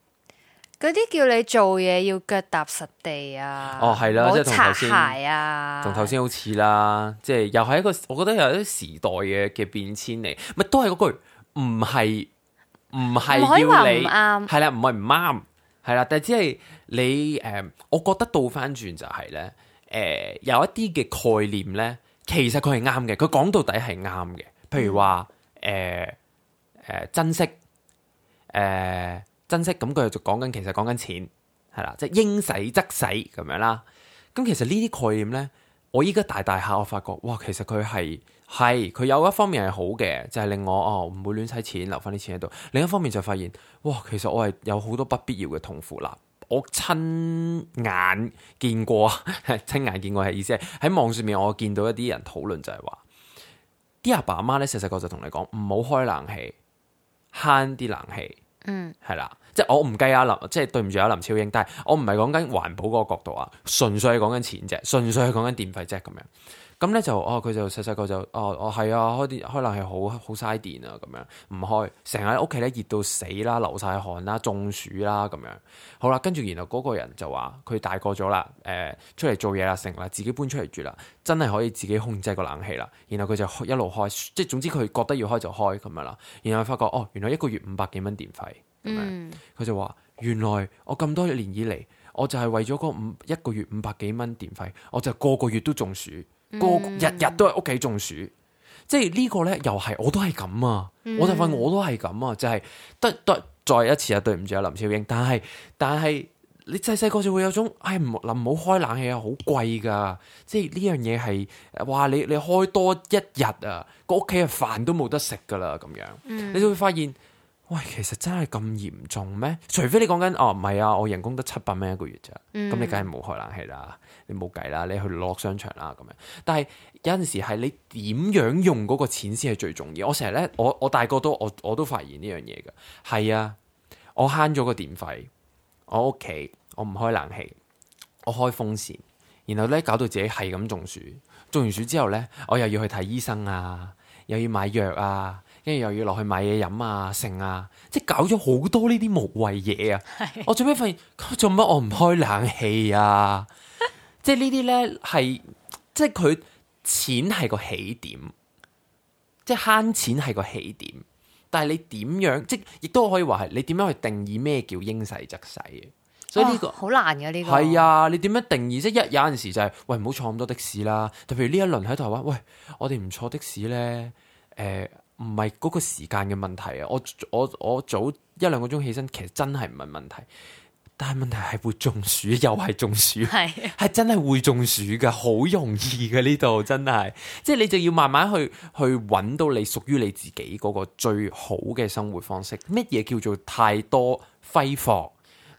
嗰啲叫你做嘢要腳踏實地啊！哦，係啦，啊，啦，即係同頭先，係啊，同頭先好似啦，即係又係一個，我覺得又係啲時代嘅嘅變遷嚟。咪都係嗰句，唔係唔係要你啱，係啦，唔係唔啱，係啦，但係只係你誒、呃，我覺得倒翻轉就係、是、咧，誒、呃，有一啲嘅概念咧，其實佢係啱嘅，佢講到底係啱嘅。譬如話誒誒，珍惜誒。呃珍惜咁佢又就講緊，其實講緊錢係啦，即係應使則使咁樣啦。咁其實呢啲概念呢，我依家大大下，我發覺哇，其實佢係係佢有一方面係好嘅，就係、是、令我哦唔會亂使錢，留翻啲錢喺度。另一方面就發現哇，其實我係有好多不必要嘅痛苦啦。我親眼見過， 親眼見過係意思係喺網上面，我見到一啲人討論就係話啲阿爸阿媽，媽呢，細細個就同你講唔好開冷氣，慳啲冷氣。嗯，係啦，即係我唔計阿林，即係對唔住阿林超英，但係我唔係講緊環保嗰個角度啊，純粹係講緊錢啫，純粹係講緊電費啫，咁樣。咁咧、嗯、就哦，佢就細細個就哦哦係啊，開啲開冷氣好好嘥電啊，咁樣唔開，成日喺屋企咧熱到死啦，流晒汗啦，中暑啦咁樣。好啦，跟住然後嗰個人就話：佢大個咗啦，誒、呃、出嚟做嘢啦，成啦，自己搬出嚟住啦，真係可以自己控制個冷氣啦。然後佢就一路開，即係總之佢覺得要開就開咁樣啦。然後發覺哦，原來一個月五百幾蚊電費，咁樣佢就話：原來我咁多年以嚟，我就係為咗嗰五一個月五百幾蚊電費，我就個個月都中暑。個、嗯、日日都喺屋企中暑，即係呢個咧又係我都係咁啊！我就話我都係咁啊，就係得得再一次啊，對唔住啊，林少英。但係但係你細細個就會有種，唉，唔好冇開冷氣啊，好貴噶，即係呢樣嘢係話你你開多一日啊，個屋企啊飯都冇得食噶啦，咁樣，嗯、你就會發現。喂，其實真係咁嚴重咩？除非你講緊哦，唔係啊，我人工得七百蚊一個月咋，咁、嗯、你梗係冇開冷氣啦，你冇計啦，你去落商場啦咁樣。但係有陣時係你點樣用嗰個錢先係最重要。我成日咧，我我大個都我我都發現呢樣嘢噶，係啊，我慳咗個電費，我屋企我唔開冷氣，我開風扇，然後咧搞到自己係咁中暑，中完暑之後咧，我又要去睇醫生啊，又要買藥啊。跟住又要落去買嘢飲啊、剩啊，即係搞咗好多呢啲無謂嘢啊！ 我最尾發現，做乜我唔開冷氣啊？ 即係呢啲呢，係即係佢錢係個起點，即係慳錢係個起點。但係你點樣，即亦都可以話係你點樣去定義咩叫應勢則勢啊？所以呢、這個好、哦、難嘅、啊、呢、這個係啊！你點樣定義？即係一有陣時就係、是、喂，唔好坐咁多的士啦。特別呢一輪喺台灣，喂，我哋唔坐的士呢。誒、呃。呃呃唔係嗰個時間嘅問題啊！我我我早一兩個鐘起身，其實真係唔係問題，但係問題係會中暑，又係中暑，係 真係會中暑噶，好容易噶呢度真係，即係你就要慢慢去去揾到你屬於你自己嗰個最好嘅生活方式。乜嘢叫做太多揮霍？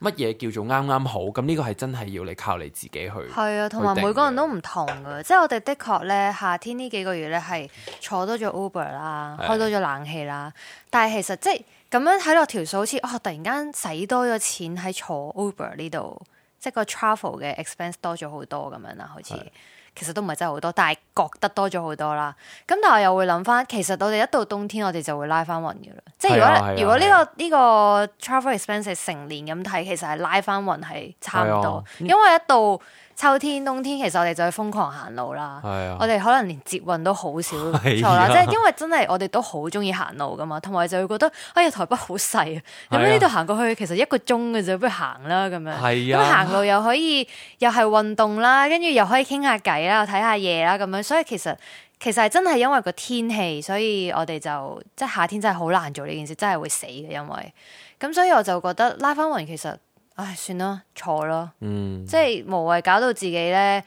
乜嘢叫做啱啱好？咁呢個係真係要你靠你自己去。係啊，同埋每個人都唔同嘅， 即係我哋的確咧，夏天呢幾個月咧係坐多咗 Uber 啦， 開多咗冷氣啦。但係其實即係咁樣睇落條數好，好似哦，突然間使多咗錢喺坐 Uber 呢度，即係個 travel 嘅 expense 多咗好多咁樣啦，好似。 其實都唔係真係好多，但係覺得多咗好多啦。咁但係我又會諗翻，其實我哋一到冬天，我哋就會拉翻雲嘅啦。即係、啊、如果、啊、如果呢、呢個呢、呢個 travel expense 成年咁睇，其實係拉翻雲係差唔多，啊、因為一到秋天冬天，其實我哋就會瘋狂行路啦。啊、我哋可能連捷運都好少坐啦，即係、啊、因為真係我哋都好中意行路噶嘛，同埋就會覺得哎呀，台北好細，咁呢度行過去其實一個鐘嘅啫，不如行啦咁樣。咁、啊啊、行路又可以又係運動啦，跟住又可以傾下偈。我看看啦，睇下嘢啦，咁樣，所以其實其實真係因為個天氣，所以我哋就即係夏天真係好難做呢件事，真係會死嘅，因為咁，所以我就覺得拉翻雲其實，唉，算啦，錯咯，嗯，即係無謂搞到自己咧，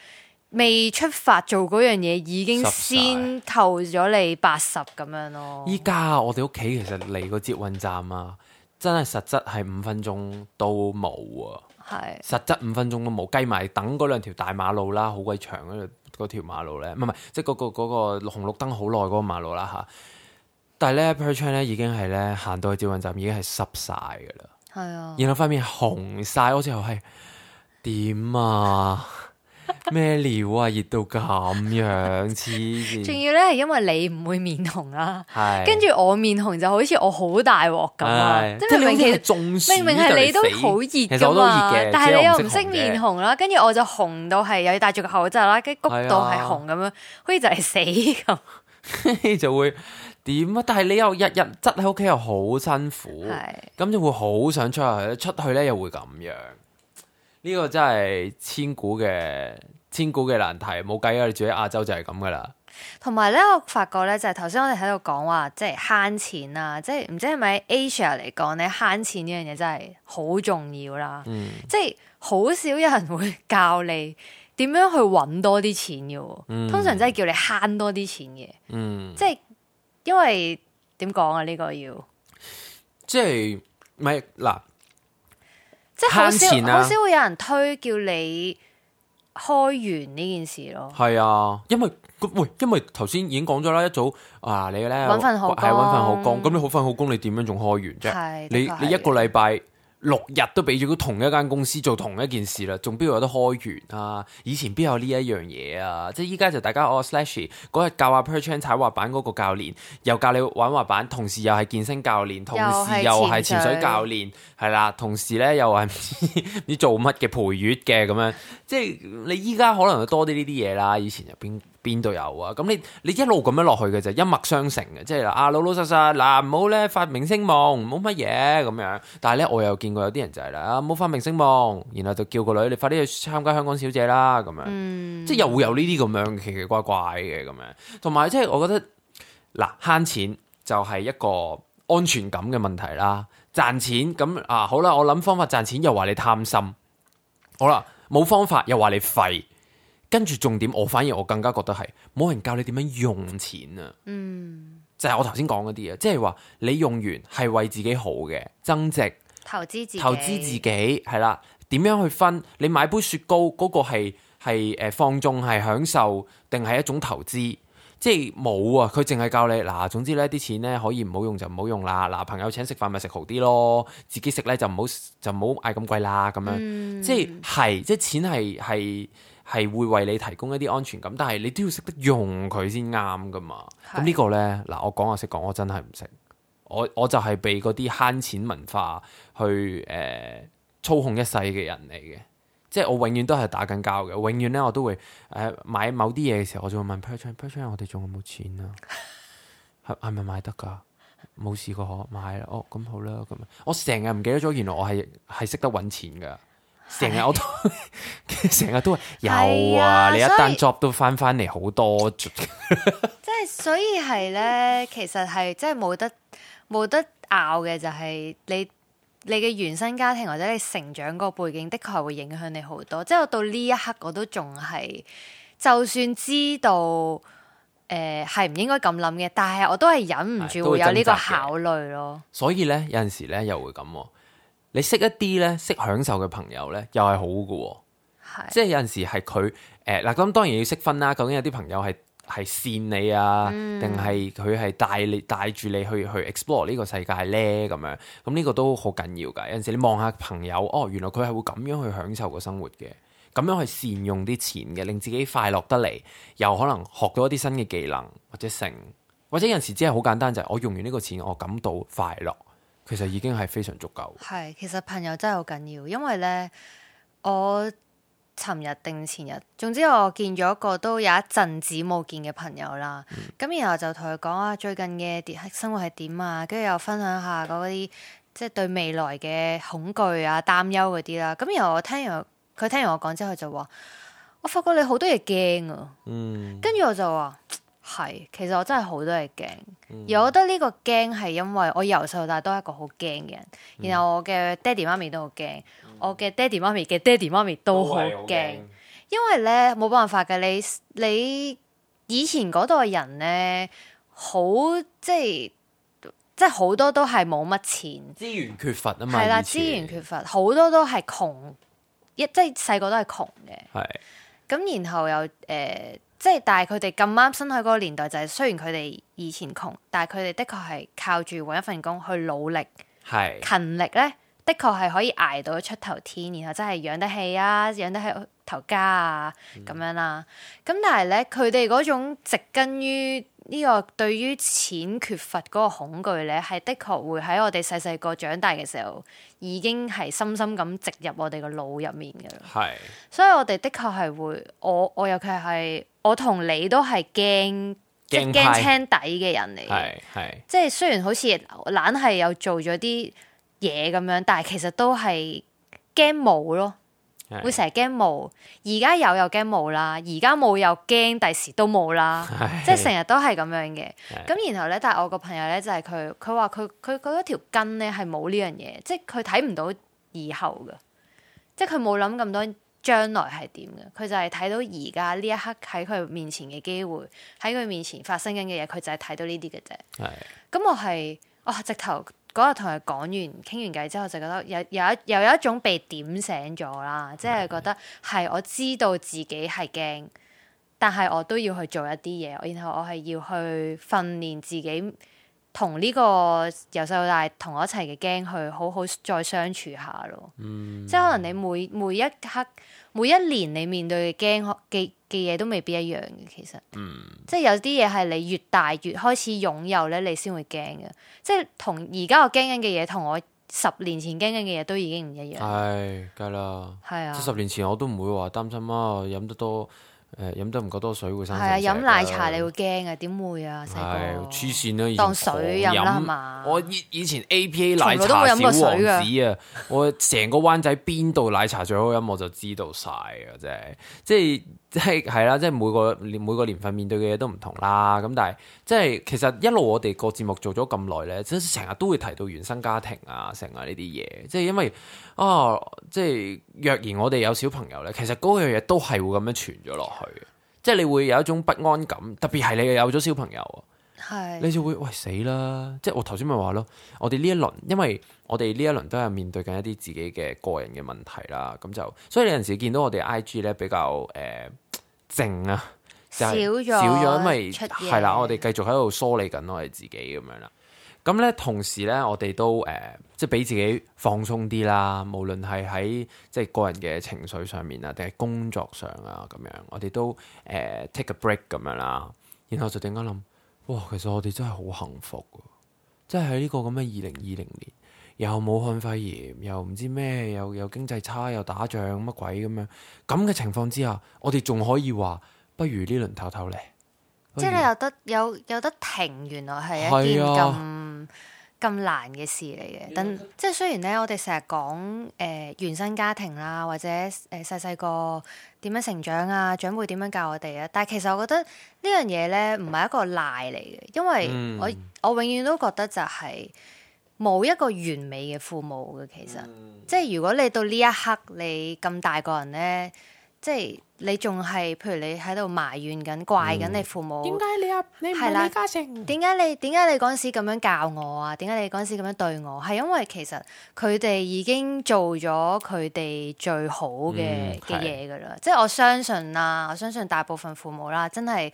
未出發做嗰樣嘢，已經先扣咗你八十咁樣咯。依家我哋屋企其實嚟個捷運站啊，真係實質係五分鐘都冇啊。係，實質五分鐘都冇，計埋等嗰兩條大馬路啦，好鬼長嗰條嗰條馬路咧，唔係唔係，即係嗰個嗰、嗰個嗰個紅綠燈好耐嗰個馬路啦，嚇、啊。但係咧 Perchan 咧已經係咧行到去調運站已經係濕晒㗎啦。係啊，然後塊面紅晒，我之後係點啊？ 咩料啊！熱到咁樣，黐線！仲 要咧係因為你唔會面紅啦、啊，係跟住我面紅就好似我好大鑊咁啊！即的明明係中暑，明明係你都好熱嘅嘛，但係你又唔識面紅啦，跟住我就紅到係又要戴住個口罩啦，跟住谷到係紅咁的樣，好似就係死咁，就會點啊！但係你又日日執喺屋企又好辛苦，咁的就會好想出去，出去咧又會咁樣。呢個真係千古嘅千古嘅難題，冇計啊！你住喺亞洲就係咁噶啦。同埋咧，我發覺咧，就係頭先我哋喺度講話，即係慳錢啊！即係唔知係咪喺 Asia 嚟講咧慳錢呢樣嘢真係好重要啦。嗯，即係好少有人會教你點樣去搵多啲錢嘅。嗯，通常真係叫你慳多啲錢嘅。嗯，即係因為點講啊？呢個要即係咪嗱？即係好少，好前、啊、少會有人推叫你開源呢件事咯。係啊，因為喂，因為頭先已經講咗啦，一早啊你咧，係搵份好工、啊，咁你好份好工，你點樣仲開源啫？你你一個禮拜。六日都俾咗同一間公司做同一件事啦，仲邊度有得開源啊？以前邊有呢一樣嘢啊？即係依家就大家哦，s l 嗰日教阿 Perchon 踩滑板嗰個教練，又教你玩滑板，同時又係健身教練，同時又係潛水教練，係啦，同時咧又係唔知，知，知做乜嘅陪月嘅咁樣。即係你依家可能多啲呢啲嘢啦，以前入邊。邊度有啊？咁你你一路咁樣落去嘅就一脈相承嘅，即係啦。啊，老老實實嗱，唔好咧發明星夢，唔好乜嘢咁樣。但係咧，我又見過有啲人就係啦，啊，唔好發明星夢，然後就叫個女你快啲去參加香港小姐啦，咁樣，嗯、即係又會有呢啲咁樣奇奇怪怪嘅咁樣。同埋即係我覺得嗱，慳錢就係一個安全感嘅問題啦。賺錢咁啊，好啦，我諗方法賺錢又話你貪心，好啦，冇方法又話你廢。跟住重點，我反而我更加覺得係冇人教你點樣用錢啊！嗯，就係我頭先講嗰啲啊，即係話你用完係為自己好嘅增值投資，投資自己係啦。點樣去分？你買杯雪糕嗰、嗰個係係誒放縱係享受，定係一種投資？即係冇啊！佢淨係教你嗱，總之呢啲錢呢，可以唔好用就唔好用啦。嗱，朋友請食飯咪食好啲咯，自己食呢就唔好就唔好嗌咁貴啦。咁樣、嗯、即係係即係錢係係，係會為你提供一啲安全感，但係你都要識得用佢先啱噶嘛。咁的呢個咧，嗱，我講我識講，我真係唔識。我我就係被嗰啲慳錢文化去誒、呃、操控一世嘅人嚟嘅。即係我永遠都係打緊交嘅，永遠咧我都會誒、呃、買某啲嘢嘅時候，我就會問 person，person 我哋仲有冇錢啊？係係咪買得噶？冇試過可買哦。咁好啦，咁我成日唔記得咗，原來我係係識得搵錢噶。成日我都成日 都係有啊！啊以你一單 job 都翻翻嚟好多，即係所以係咧， 其實係即係冇得冇得拗嘅，就係你你嘅原生家庭或者你成長個背景，的確係會影響你好多。即係我到呢一刻，我都仲係，就算知道誒係唔應該咁諗嘅，但係我都係忍唔住會有呢個考慮咯。所以咧，有陣時咧又會咁。你識一啲咧，識享受嘅朋友咧，又係好嘅喎、哦。是即係有陣時係佢誒嗱，咁、哎、當然要識分啦。究竟有啲朋友係係善你啊，定係佢係帶你帶住你去去 explore 呢個世界咧咁樣？咁呢個都好緊要㗎。有陣時你望下朋友，哦，原來佢係會咁樣去享受個生活嘅，咁樣係善用啲錢嘅，令自己快樂得嚟，又可能學到一啲新嘅技能或者成，或者有陣時只係好簡單就係、是、我用完呢個錢，我感到快樂。其實已經係非常足夠。係，其實朋友真係好緊要，因為咧，我尋日定前日，總之我見咗一個都有一陣子冇見嘅朋友啦。咁、嗯、然後就同佢講啊，最近嘅生活係點啊，跟住又分享下嗰啲即係對未來嘅恐懼啊、擔憂嗰啲啦。咁然後我聽完，佢聽完我講之後就話，我發覺你好多嘢驚啊。嗯，跟住我就話。係，其實我真係好多嘢驚，而我、嗯、覺得呢個驚係因為我由細到大都係一個好驚嘅人，嗯、然後我嘅爹哋媽咪都好驚，嗯、我嘅爹哋媽咪嘅爹哋媽咪都好驚，因為咧冇辦法嘅，你你以前嗰代人咧好即係即係好多都係冇乜錢，資源缺乏啊嘛，係啦了，前資源缺乏好多都係窮，一即係細個都係窮嘅，係咁對然後又誒。呃即係，但係佢哋咁啱生喺嗰個年代，就係、是、雖然佢哋以前窮，但係佢哋的確係靠住揾一份工去努力、是勤力咧，的確係可以捱到出頭天，然後真係養得起啊，養得起頭家啊咁樣啦、啊。咁、嗯、但係咧，佢哋嗰種植根於，呢個對於錢缺乏嗰個恐懼咧，係的確會喺我哋細細個長大嘅時候，已經係深深咁植入我哋個腦入面嘅啦。是所以我哋的確係會，我我尤其係我同你都係驚即係驚青底嘅人嚟，係係，即係雖然好似懶係有做咗啲嘢咁樣，但係其實都係驚冇咯。會成日驚冇，而家有又驚冇啦，而家冇又驚第時都冇啦，即係成日都係咁樣嘅。咁然後咧，但係我個朋友咧就係佢，佢話佢佢佢嗰條筋咧係冇呢樣嘢，即係佢睇唔到以後嘅，即係佢冇諗咁多將來係點嘅，佢就係睇到而家呢一刻喺佢面前嘅機會，喺佢面前發生緊嘅嘢，佢就係睇到呢啲嘅啫。咁 我係啊、哦、直頭。嗰日同佢講完傾完偈之後，就覺得有有一又有一種被點醒咗啦，即係覺得係，Mm hmm. 我知道自己係驚，但係我都要去做一啲嘢，然後我係要去訓練自己同呢個由細到大同我一齊嘅驚去好好再相處下咯。Mm hmm. 即係可能你每每一刻。每一年你面對嘅驚嘅嘅嘢都未必一樣嘅，其實，嗯、即係有啲嘢係你越大越開始擁有咧，你先會驚嘅。即係同而家我驚緊嘅嘢，同我十年前驚緊嘅嘢都已經唔一樣。係，梗係啦。係啊，即十年前我都唔會話擔心啊，飲得多。誒，飲得唔夠多水會生。係啊，飲奶茶你會驚啊？點會啊？係黐線啦，以前當水飲啦喝吧我以以前、AP、A P A 奶茶最好飲，我成個灣仔邊度奶茶最好飲我就知道晒啊。真係即係。即係係啦，即係 每個年每個年份面對嘅嘢都唔同啦。咁但係即係其實一路我哋個節目做咗咁耐咧，即成日都會提到原生家庭啊，成日呢啲嘢。即係因為啊，即係若然我哋有小朋友咧，其實嗰樣嘢都係會咁樣傳咗落去。即係你會有一種不安感，特別係你有咗小朋友。係，是你就會喂死啦！即係我頭先咪話咯，我哋呢一輪，因為我哋呢一輪都係面對緊一啲自己嘅個人嘅問題啦，咁就所以你有陣時見到我哋 I G 咧比較誒靜、呃、啊，就是、少咗了少咗，因為係啦事，我哋繼續喺度梳理緊我哋自己咁樣啦。咁咧同時咧，我哋都誒、呃、即係俾自己放鬆啲啦，無論係喺即係個人嘅情緒上面啊，定係工作上啊咁樣，我哋都誒、呃、take a break 咁樣啦，然後就點解諗？哇！其實我哋真係好幸福，啊，即係喺呢個咁嘅二零二零年，又武漢肺炎，又唔知咩，又又經濟差，又打仗乜鬼咁樣，咁嘅情況之下，我哋仲可以話，不如呢輪偷偷嚟，即係你有得有有得停，原來係一件咁。係啊。咁難嘅事嚟嘅，但即係雖然咧，我哋成日講誒原生家庭啦，或者誒細細個點樣成長啊，長輩點樣教我哋啊，但係其實我覺得呢樣嘢咧，唔係一個賴嚟嘅，因為我、嗯、我，我永遠都覺得就係冇一個完美嘅父母嘅，其實、嗯、即係如果你到呢一刻你咁大個人咧。即係你仲係，譬如你喺度埋怨緊、怪緊你父母。點解、嗯、你唔係李嘉誠？點解你點解你嗰時咁樣教我啊？點解你嗰時咁樣對我？係因為其實佢哋已經做咗佢哋最好嘅嘅嘢噶啦。即係我相信啦，我相信大部分父母啦，真係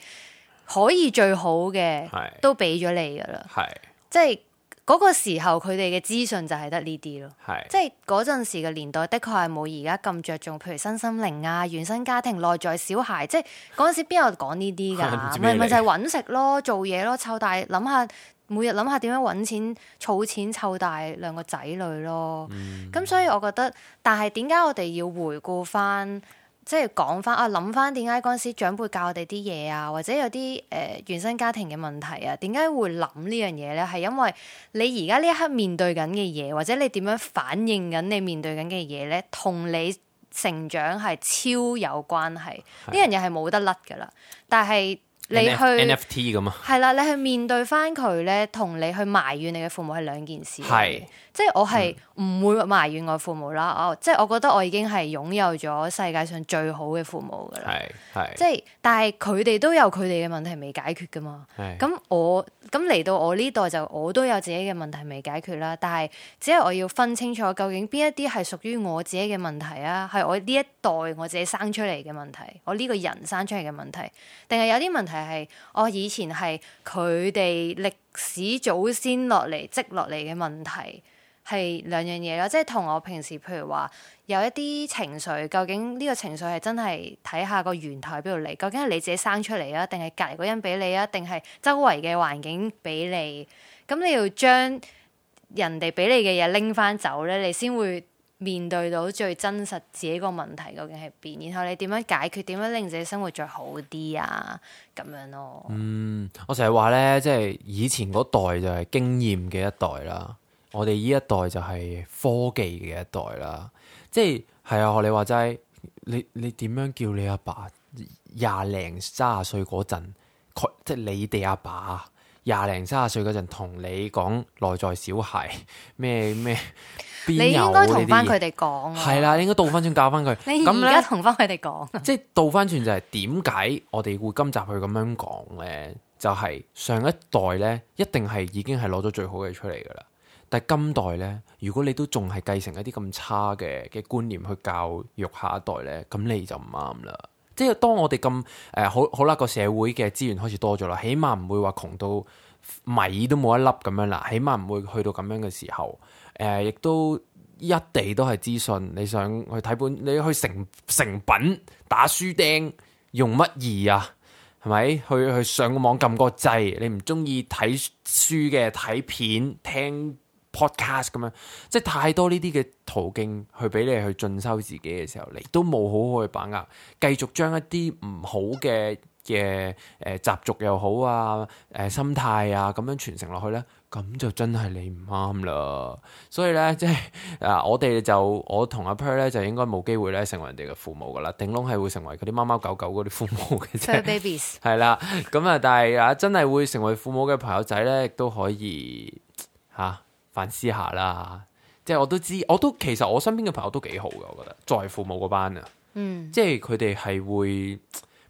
可以最好嘅都俾咗你噶啦。係即係。嗰個時候佢哋嘅資訊就係得呢啲咯，是即係嗰陣時嘅年代，的確係冇而家咁着重，譬如身心靈啊、原生家庭、內在小孩，即係嗰陣時邊有講呢啲㗎？咪咪就係揾食咯、做嘢咯、湊大，諗下每日諗下點樣揾錢、儲錢湊大兩個仔女咯。咁、嗯、所以我覺得，但係點解我哋要回顧返？即係講翻啊，諗翻點解嗰陣時長輩教我哋啲嘢啊，或者有啲誒、呃、原生家庭嘅問題啊，點解會諗呢樣嘢咧？係因為你而家呢一刻面對緊嘅嘢，或者你點樣反應緊你面對緊嘅嘢咧，同你成長係超有關係。呢樣嘢係冇得甩㗎喇，但係。你去 NFT 咁嘛。係啦，你去面對翻佢咧，同你去埋怨你嘅父母係兩件事。係是，即係我係唔會埋怨我父母啦。哦、嗯，即係我覺得我已經係擁有咗世界上最好嘅父母噶啦。係即係但係佢哋都有佢哋嘅問題未解決噶嘛。咁是我咁嚟到我呢代就，我都有自己嘅問題未解決啦。但係只係我要分清楚究竟邊一啲係屬於我自己嘅問題啊？係我呢一代我自己生出嚟嘅問題，我呢個人生出嚟嘅問題，定係有啲問題。係係，我、哦、以前係佢哋歷史祖先落嚟積落嚟嘅問題，係兩樣嘢咯。即係同我平時，譬如話有一啲情緒，究竟呢個情緒係真係睇下個源頭喺邊度嚟？究竟係你自己生出嚟啊，定係隔籬嗰人俾你啊，定係周圍嘅環境俾你？咁你要將人哋俾你嘅嘢拎返走咧，你先會。面對到最真實自己個問題究竟係邊？然後你點樣解決？點樣令自己生活再好啲啊？咁樣咯。嗯，我成日話咧，即係以前嗰代就係經驗嘅一代啦，我哋依一代就係科技嘅一代啦。即係係啊！你話齋，你你點樣叫你阿爸廿零三十歲嗰陣？即係你哋阿爸廿零三十歲嗰陣同你講內在小孩咩咩？ 你，你應該同翻佢哋講啊！係啦，你應該倒翻轉教翻佢。你而家同翻佢哋講，即係倒翻轉就係點解我哋會今集去咁樣講咧？就係、是、上一代咧，一定係已經係攞咗最好嘅出嚟噶啦。但係今代咧，如果你都仲係繼承一啲咁差嘅嘅觀念去教育下一代咧，咁你就唔啱啦。即係當我哋咁誒，好好啦，個社會嘅資源開始多咗啦，起碼唔會話窮到米都冇一粒咁樣啦，起碼唔會去到咁樣嘅時候。誒，亦、呃、都一地都係資訊。你想去睇本，你去成成品打書釘用乜易啊？係咪去去上個網撳個掣？你唔中意睇書嘅，睇片聽 podcast 咁樣，即係太多呢啲嘅途徑去俾你去進修自己嘅時候，你都冇好好去把握，繼續將一啲唔好嘅嘅誒習俗又好啊，誒、呃、心態啊，咁樣傳承落去咧。咁就真係你唔啱啦，所以呢，即係啊，我哋就我同阿 Pair 咧就應該冇機會咧成為人哋嘅父母噶啦，頂籠係會成為嗰啲貓貓狗狗嗰啲父母嘅啫。係啦，咁啊，但係啊，真係會成為父母嘅朋友仔呢，亦都可以吓、啊、反思下啦。即係我都知，我都其實我身邊嘅朋友都幾好嘅，我覺得在父母嗰班啊，即係佢哋係會。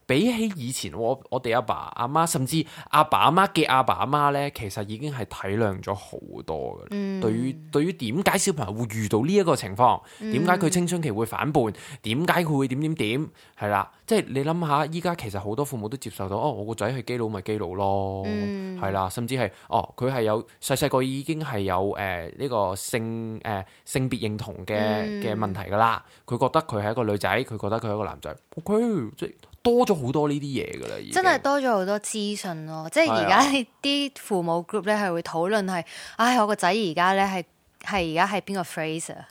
比起以前我，我我哋阿爸阿媽，甚至阿爸阿媽嘅阿爸阿媽呢，其實已經係體諒咗好多㗎、嗯。對於對於點解小朋友會遇到呢一個情況，點解佢青春期會反叛，點解佢會點點點，係啦。即係你諗下，依家其實好多父母都接受到，哦，我個仔係基佬咪基佬咯，係啦、嗯，甚至係哦，佢係有細細個已經係有誒呢個性誒性別認同嘅嘅問題噶啦。佢、嗯、覺得佢係一個女仔，佢覺得佢係一個男仔，佢、okay, 即多咗好多呢啲嘢噶啦，真係多咗好多資訊咯！即係而家啲父母 group 咧係會討論係，唉是、啊哎，我個仔而家咧係係而家係邊個 phrase 啊？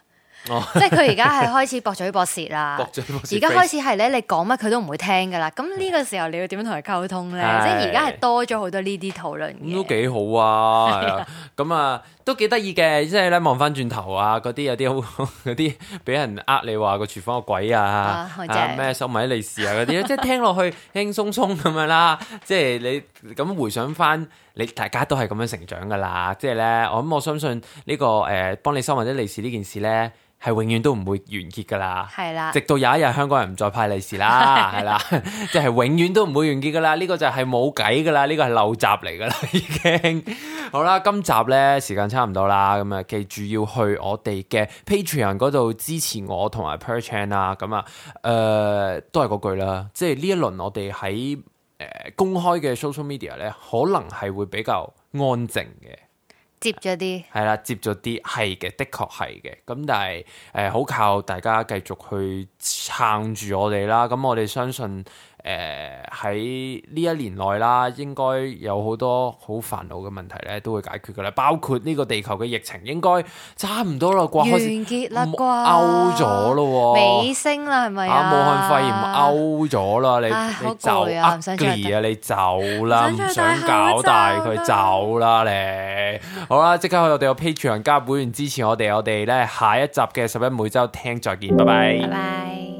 哦、即係佢而家係開始駁嘴駁舌啦，而家 嘴駁 開始係咧，你講乜佢都唔會聽噶啦。咁呢個時候你要點樣同佢溝通咧？是啊、即係而家係多咗好多呢啲討論。咁都幾好啊！係啊，咁啊、 嗯。都幾得意嘅，即係咧望翻轉頭啊，嗰啲有啲好，嗰啲俾人呃你話，個廚房個鬼啊，咩、啊啊、收埋啲利是啊嗰啲，即係聽落去輕鬆鬆咁樣啦，即係你咁回想翻，你大家都係咁樣成長噶啦，即係咧，我諗我相信呢、呢個誒，幫、呃、你收埋啲利是呢件事咧。係永遠都唔會完結噶啦。係啦，直到有一日香港人唔再派利是啦，係 啦，即、就、係、是、永遠都唔會完結噶啦。呢、這個就係冇計噶啦。呢、這個係陋習嚟噶啦，已 經好啦，今集呢，時間差唔多啦，咁、嗯、啊，記住要去我哋嘅 Patreon 度支持我同埋 Perchance 啦，咁、嗯、啊，誒、呃、都係嗰句啦，即係呢一輪我哋喺誒公開嘅 social media 呢，可能係會比較安靜嘅。接咗啲，係啦， 接咗啲，係嘅，的確係嘅，咁但係，誒、呃，好靠大家繼續去撐住我哋啦，咁我哋相信。誒喺呢一年內啦，應該有好多好煩惱嘅問題咧，都會解決嘅啦。包括呢個地球嘅疫情，應該差唔多啦啩，完結啦啩，歐咗咯喎，尾聲啦係咪啊？啊，武漢肺炎歐咗啦，你你走啊，Gary 啊，你走啦，唔想搞大佢走啦，你好啦，即刻我哋有 Pitch 人加會員支持我哋，我哋咧下一集嘅十一每週聽再見，拜拜。